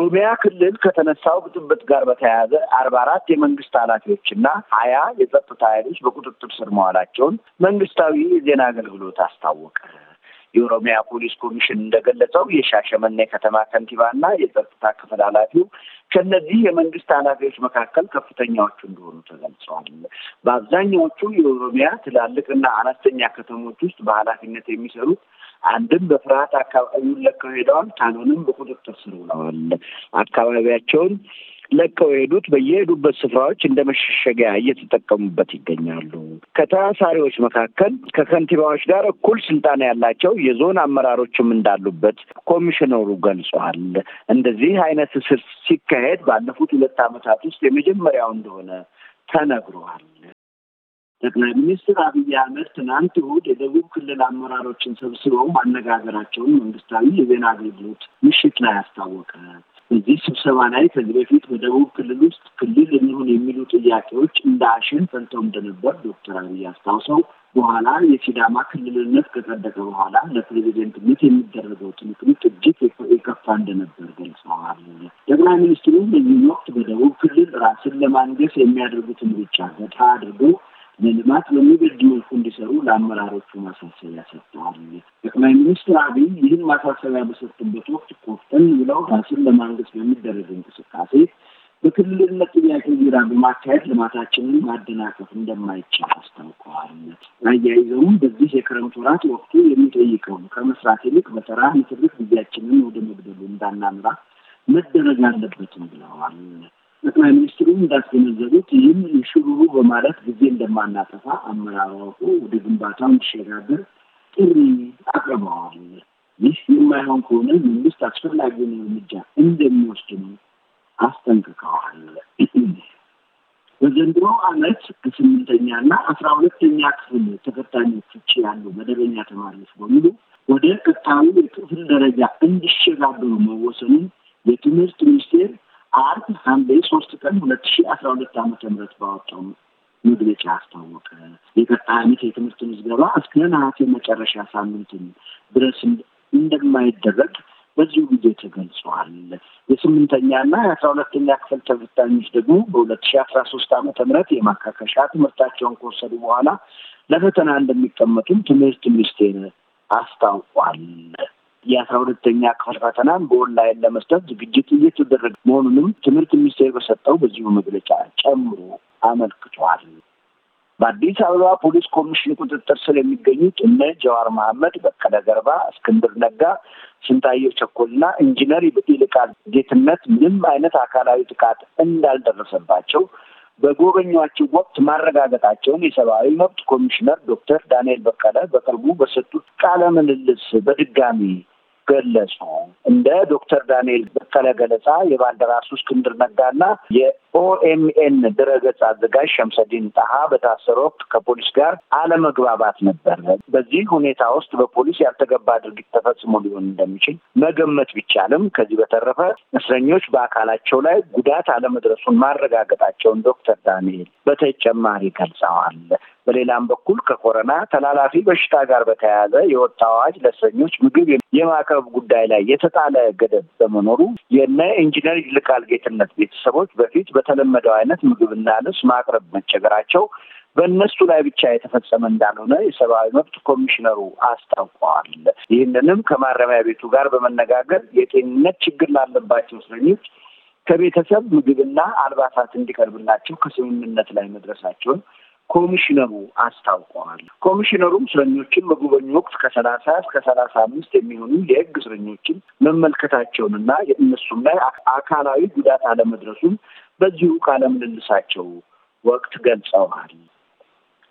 ኦሮሚያ ክልል ከተነሳው ብጥብጥ ጋር በተያያዘ አርባ አራት የመንግስት ኃላፊዎችና ሀያ የጸጥታ ኃይሎች በቁጥጥር ስር መዋላቸውን መንግስታዊ የዜና አገልግሎት አስታወቀ። የኦሮሚያ ፖሊስ ኮሚሽን እንደገለጸው የሻሸመኔ ከተማ ከንቲባና የጸጥታ ክፍል ኃላፊው ከእነዚህ የመንግስት ኃላፊዎች መካከል ከፍተኛዎቹ እንደሆኑ ተገልጸዋል። በአብዛኛዎቹ የኦሮሚያ ትላልቅና አነስተኛ ከተሞች ውስጥ በኃላፊነት የሚሰሩት አንድም በፍርሃት አካባቢውን ለቀው ሄደዋል፣ ካልሆነም በቁጥጥር ስር ውለዋል። አካባቢያቸውን ለቀው የሄዱት በየሄዱበት ስፍራዎች እንደ መሸሸጊያ እየተጠቀሙበት ይገኛሉ። ከታሳሪዎች መካከል ከከንቲባዎች ጋር እኩል ስልጣን ያላቸው የዞን አመራሮችም እንዳሉበት ኮሚሽነሩ ገልጿል። እንደዚህ አይነት እስር ሲካሄድ ባለፉት ሁለት ዓመታት ውስጥ የመጀመሪያው እንደሆነ ተነግሯል። ጠቅላይ ሚኒስትር አብይ አህመድ ትናንት እሁድ የደቡብ ክልል አመራሮችን ሰብስበው ማነጋገራቸውን መንግስታዊ የዜና አገልግሎት ምሽት ላይ አስታወቀ። እዚህ ስብሰባ ላይ ከዚህ በፊት በደቡብ ክልል ውስጥ ክልል እንሁን የሚሉ ጥያቄዎች እንደ አሸን ፈልተው እንደነበር ዶክተር አብይ አስታውሰው በኋላ የሲዳማ ክልልነት ከጸደቀ በኋላ ለፕሬዚደንትነት የሚደረገው ትንቅንቅ እጅግ የከፋ እንደነበር ገልጸዋል። ጠቅላይ ሚኒስትሩ በዚህ ወቅት በደቡብ ክልል ራስን ለማንገስ የሚያደርጉትን ብቻ ገታ አድርገው ለልማት በሚበጅ መልኩ እንዲሰሩ ለአመራሮቹ ማሳሰቢያ ሰጥተዋል። ጠቅላይ ሚኒስትር አብይ ይህን ማሳሰቢያ በሰጡበት ወቅት ቆፍጠን ብለው ራስን ለማንገስ በሚደረግ እንቅስቃሴ በክልልነት ጥያቄ ዙሪያ በማካሄድ ልማታችንን ማደናቀፍ እንደማይቻል አስታውቀዋል። አያይዘውም በዚህ የክረምት ወራት ወቅቱ የሚጠይቀውን ከመስራት ይልቅ በተራ ንትርክ ጊዜያችንን ወደ መግደሉ እንዳናምራ መደረግ አለበትም ብለዋል። ጠቅላይ ሚኒስትሩ እንዳስገነዘቡት ይህም ሽሩሩ በማለት ጊዜ እንደማናጠፋ አመራረቁ ወደ ግንባታው እንዲሸጋገር ጥሪ አቅርበዋል። ይህ የማይሆን ከሆነ መንግስት አስፈላጊውን እርምጃ ነው አስጠንቅቀዋል። በዘንድሮ ዓመት ከስምንተኛ እና አስራ ሁለተኛ ክፍል ተፈታኞች ውጭ ያሉ መደበኛ ተማሪዎች በሙሉ ወደ ቀጣዩ የክፍል ደረጃ እንዲሸጋገሩ መወሰኑን የትምህርት ሚኒስቴር አርብ ሐምሌ ሶስት ቀን ሁለት ሺ አስራ ሁለት ዓመተ ምህረት ባወጣው መግለጫ አስታወቀ። የቀጣይ ዓመት የትምህርት ምዝገባ እስከ ነሐሴ መጨረሻ ሳምንትን ድረስ እንደማይደረግ በዚሁ ጊዜ ተገልጿል። የስምንተኛና የአስራ ሁለተኛ ክፍል ተፈታኞች ደግሞ በሁለት ሺ አስራ ሶስት ዓመተ ምህረት የማካከሻ ትምህርታቸውን ከወሰዱ በኋላ ለፈተና እንደሚቀመጡም ትምህርት ሚኒስቴር አስታውቋል። የአስራ ሁለተኛ ክፍል ፈተናን በኦንላይን ለመስጠት ዝግጅት እየተደረገ መሆኑንም ትምህርት ሚኒስቴር በሰጠው በዚሁ መግለጫ ጨምሮ አመልክቷል። በአዲስ አበባ ፖሊስ ኮሚሽን ቁጥጥር ስር የሚገኙት እነ ጀዋር መሐመድ፣ በቀለ ገርባ፣ እስክንድር ነጋ፣ ስንታየው ቸኮልና ኢንጂነር ይልቃል ጌትነት ምንም አይነት አካላዊ ጥቃት እንዳልደረሰባቸው በጎበኟቸው ወቅት ማረጋገጣቸውን የሰብአዊ መብት ኮሚሽነር ዶክተር ዳንኤል በቀለ በቅርቡ በሰጡት ቃለ ምልልስ በድጋሚ ገለጹ። እንደ ዶክተር ዳንኤል በተከፈለ ገለጻ የባልደራሱ እስክንድር ነጋና የኦኤምኤን ድረገጽ አዘጋጅ ሸምሰዲን ጣሃ በታሰሩ ወቅት ከፖሊስ ጋር አለመግባባት ነበር። በዚህ ሁኔታ ውስጥ በፖሊስ ያልተገባ ድርጊት ተፈጽሞ ሊሆን እንደሚችል መገመት ቢቻልም ከዚህ በተረፈ እስረኞች በአካላቸው ላይ ጉዳት አለመድረሱን ማረጋገጣቸውን ዶክተር ዳንኤል በተጨማሪ ገልጸዋል። በሌላም በኩል ከኮረና ተላላፊ በሽታ ጋር በተያያዘ የወጣ አዋጅ ለእስረኞች ምግብ የማቅረብ ጉዳይ ላይ የተጣለ ገደብ በመኖሩ የነ ኢንጂነር ይልቃል ጌትነት ቤተሰቦች በፊት በተለመደው አይነት ምግብና ልብስ ማቅረብ መቸገራቸው በእነሱ ላይ ብቻ የተፈጸመ እንዳልሆነ የሰብአዊ መብት ኮሚሽነሩ አስታውቀዋል። ይህንንም ከማረሚያ ቤቱ ጋር በመነጋገር የጤንነት ችግር ላለባቸው እስረኞች ከቤተሰብ ምግብና አልባሳት እንዲቀርብላቸው ከስምምነት ላይ መድረሳቸውን ኮሚሽነሩ አስታውቀዋል። ኮሚሽነሩም እስረኞችን በጉበኙ ወቅት ከሰላሳ እስከ ሰላሳ አምስት የሚሆኑ የህግ እስረኞችን መመልከታቸውንና የእነሱም ላይ አካላዊ ጉዳት አለመድረሱን በዚሁ ቃለ ምልልሳቸው ወቅት ገልጸዋል።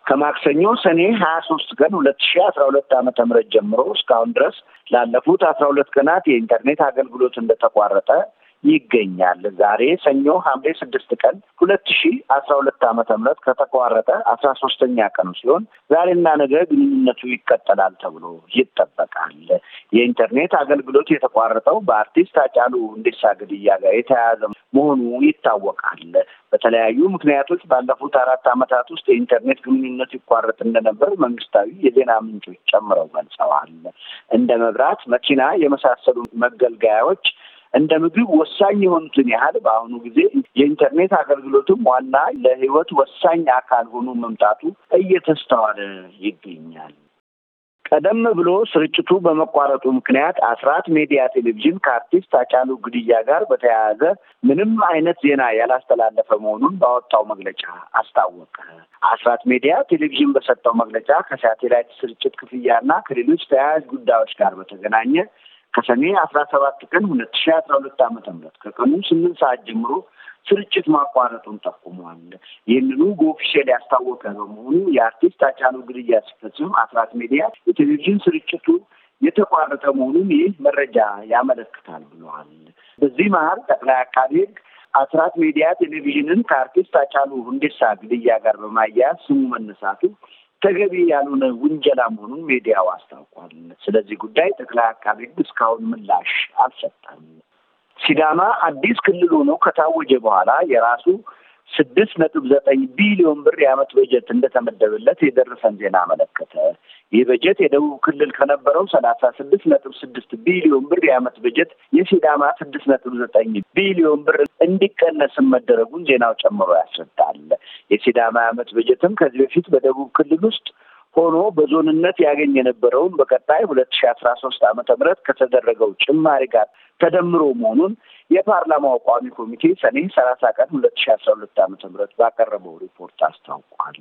ከማክሰኞ ሰኔ ሀያ ሶስት ቀን ሁለት ሺ አስራ ሁለት ዓመተ ምህረት ጀምሮ እስካሁን ድረስ ላለፉት አስራ ሁለት ቀናት የኢንተርኔት አገልግሎት እንደተቋረጠ ይገኛል። ዛሬ ሰኞ ሐምሌ ስድስት ቀን ሁለት ሺ አስራ ሁለት ዓመተ ምህረት ከተቋረጠ አስራ ሶስተኛ ቀኑ ሲሆን ዛሬና ነገ ግንኙነቱ ይቀጠላል ተብሎ ይጠበቃል። የኢንተርኔት አገልግሎት የተቋረጠው በአርቲስት አጫሉ ሁንዴሳ ግድያ ጋር የተያያዘ መሆኑ ይታወቃል። በተለያዩ ምክንያቶች ባለፉት አራት ዓመታት ውስጥ የኢንተርኔት ግንኙነት ይቋረጥ እንደነበር መንግስታዊ የዜና ምንጮች ጨምረው ገልጸዋል። እንደ መብራት፣ መኪና የመሳሰሉ መገልገያዎች እንደ ምግብ ወሳኝ የሆኑትን ያህል በአሁኑ ጊዜ የኢንተርኔት አገልግሎትም ዋና ለህይወት ወሳኝ አካል ሆኖ መምጣቱ እየተስተዋለ ይገኛል። ቀደም ብሎ ስርጭቱ በመቋረጡ ምክንያት አስራት ሜዲያ ቴሌቪዥን ከአርቲስት ሃጫሉ ግድያ ጋር በተያያዘ ምንም አይነት ዜና ያላስተላለፈ መሆኑን ባወጣው መግለጫ አስታወቀ። አስራት ሜዲያ ቴሌቪዥን በሰጠው መግለጫ ከሳቴላይት ስርጭት ክፍያና ከሌሎች ተያያዥ ጉዳዮች ጋር በተገናኘ ከሰኔ አስራ ሰባት ቀን ሁለት ሺ አስራ ሁለት ዓመተ ምህረት ከቀኑ ስምንት ሰዓት ጀምሮ ስርጭት ማቋረጡን ጠቁመዋል። ይህንኑ በኦፊሴል ያስታወቀ በመሆኑ የአርቲስት አጫሉ ግድያ ሲፈጽም አስራት ሚዲያ የቴሌቪዥን ስርጭቱ የተቋረጠ መሆኑን ይህ መረጃ ያመለክታል ብለዋል። በዚህ መሀል ጠቅላይ አቃቤ ሕግ አስራት ሚዲያ ቴሌቪዥንን ከአርቲስት አጫሉ ሁንዴሳ ግድያ ጋር በማያያዝ ስሙ መነሳቱ ተገቢ ያልሆነ ውንጀላ መሆኑን ሚዲያው አስታውቋል። ስለዚህ ጉዳይ ጠቅላይ አቃቤ ሕግ እስካሁን ምላሽ አልሰጠም። ሲዳማ አዲስ ክልል ሆኖ ከታወጀ በኋላ የራሱ ስድስት ነጥብ ዘጠኝ ቢሊዮን ብር የዓመት በጀት እንደተመደበለት የደረሰን ዜና አመለከተ። ይህ በጀት የደቡብ ክልል ከነበረው ሰላሳ ስድስት ነጥብ ስድስት ቢሊዮን ብር የዓመት በጀት የሲዳማ ስድስት ነጥብ ዘጠኝ ቢሊዮን ብር እንዲቀነስም መደረጉን ዜናው ጨምሮ ያስረዳል። የሲዳማ ዓመት በጀትም ከዚህ በፊት በደቡብ ክልል ውስጥ ሆኖ በዞንነት ያገኝ የነበረውን በቀጣይ ሁለት ሺ አስራ ሶስት ዓመተ ምህረት ከተደረገው ጭማሪ ጋር ተደምሮ መሆኑን የፓርላማው ቋሚ ኮሚቴ ሰኔ ሰላሳ ቀን ሁለት ሺ አስራ ሁለት ዓመተ ምህረት ባቀረበው ሪፖርት አስታውቋል።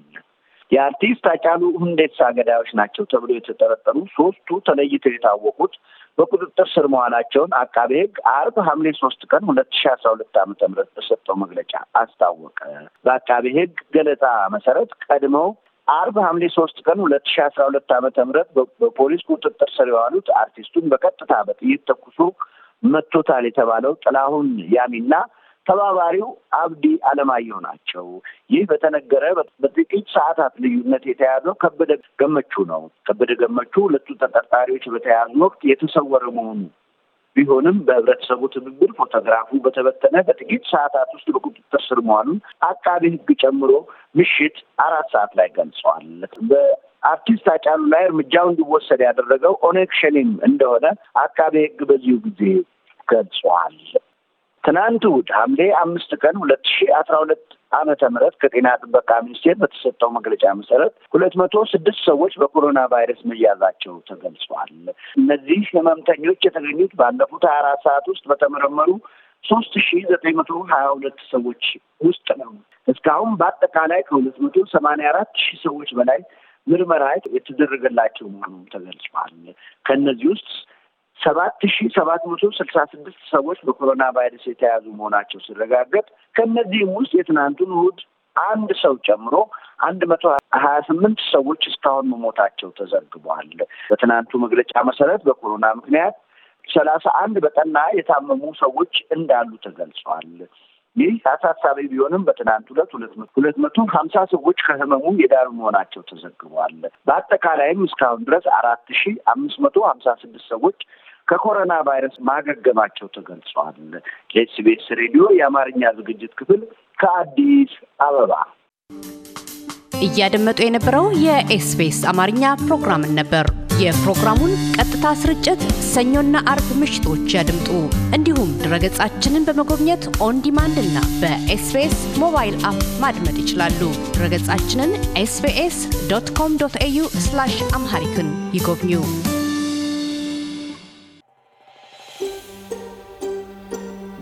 የአርቲስት አጫሉ ሁንዴሳ ገዳዮች ናቸው ተብሎ የተጠረጠሩ ሶስቱ ተለይተው የታወቁት በቁጥጥር ስር መዋላቸውን አቃቤ ሕግ አርብ ሐምሌ ሶስት ቀን ሁለት ሺ አስራ ሁለት ዓመተ ምህረት በሰጠው መግለጫ አስታወቀ። በአቃቤ ሕግ ገለጻ መሰረት ቀድመው አርብ ሐምሌ ሶስት ቀን ሁለት ሺ አስራ ሁለት ዓመተ ምህረት በፖሊስ ቁጥጥር ስር የዋሉት አርቲስቱን በቀጥታ በጥይት ተኩሶ መቶታል የተባለው ጥላሁን ያሚና ተባባሪው አብዲ አለማየሁ ናቸው። ይህ በተነገረ በጥቂት ሰዓታት ልዩነት የተያዘው ከበደ ገመቹ ነው። ከበደ ገመቹ ሁለቱ ተጠርጣሪዎች በተያዙ ወቅት የተሰወረ መሆኑ ቢሆንም በህብረተሰቡ ትብብር ፎቶግራፉ በተበተነ በጥቂት ሰዓታት ውስጥ በቁጥጥር ስር መዋሉን አቃቤ ሕግ ጨምሮ ምሽት አራት ሰዓት ላይ ገልጸዋል። በአርቲስት አጫሉ ላይ እርምጃው እንዲወሰድ ያደረገው ኦነግ ሸኔም እንደሆነ አቃቤ ሕግ በዚሁ ጊዜ ገልጸዋል። ትናንት እሑድ ሐምሌ አምስት ቀን ሁለት ሺ አስራ ሁለት ዓመተ ምህረት ከጤና ጥበቃ ሚኒስቴር በተሰጠው መግለጫ መሰረት ሁለት መቶ ስድስት ሰዎች በኮሮና ቫይረስ መያዛቸው ተገልጿል። እነዚህ ህመምተኞች የተገኙት ባለፉት ሀያ አራት ሰዓት ውስጥ በተመረመሩ ሶስት ሺ ዘጠኝ መቶ ሀያ ሁለት ሰዎች ውስጥ ነው። እስካሁን በአጠቃላይ ከሁለት መቶ ሰማንያ አራት ሺህ ሰዎች በላይ ምርመራ የተደረገላቸው መሆኑ ተገልጿል። ከእነዚህ ውስጥ ሰባት ሺ ሰባት መቶ ስልሳ ስድስት ሰዎች በኮሮና ቫይረስ የተያዙ መሆናቸው ሲረጋገጥ ከእነዚህም ውስጥ የትናንቱን እሑድ አንድ ሰው ጨምሮ አንድ መቶ ሀያ ስምንት ሰዎች እስካሁን መሞታቸው ተዘግቧል። በትናንቱ መግለጫ መሰረት በኮሮና ምክንያት ሰላሳ አንድ በጠና የታመሙ ሰዎች እንዳሉ ተገልጿል። ይህ አሳሳቢ ቢሆንም በትናንት ሁለት ሁለት መቶ ሁለት መቶ ሀምሳ ሰዎች ከህመሙ የዳሩ መሆናቸው ተዘግቧል። በአጠቃላይም እስካሁን ድረስ አራት ሺ አምስት መቶ ሀምሳ ስድስት ሰዎች ከኮሮና ቫይረስ ማገገማቸው ተገልጿል። የኤስቢኤስ ሬዲዮ የአማርኛ ዝግጅት ክፍል ከአዲስ አበባ እያደመጡ የነበረው የኤስቢኤስ አማርኛ ፕሮግራምን ነበር። የፕሮግራሙን ቀጥታ ስርጭት ሰኞና አርብ ምሽቶች ያድምጡ። እንዲሁም ድረገጻችንን በመጎብኘት ኦን ዲማንድ እና በኤስቢኤስ ሞባይል አፕ ማድመጥ ይችላሉ። ድረገጻችንን ኤስቢኤስ ዶት ኮም ዶት ኤዩ አምሃሪክን ይጎብኙ።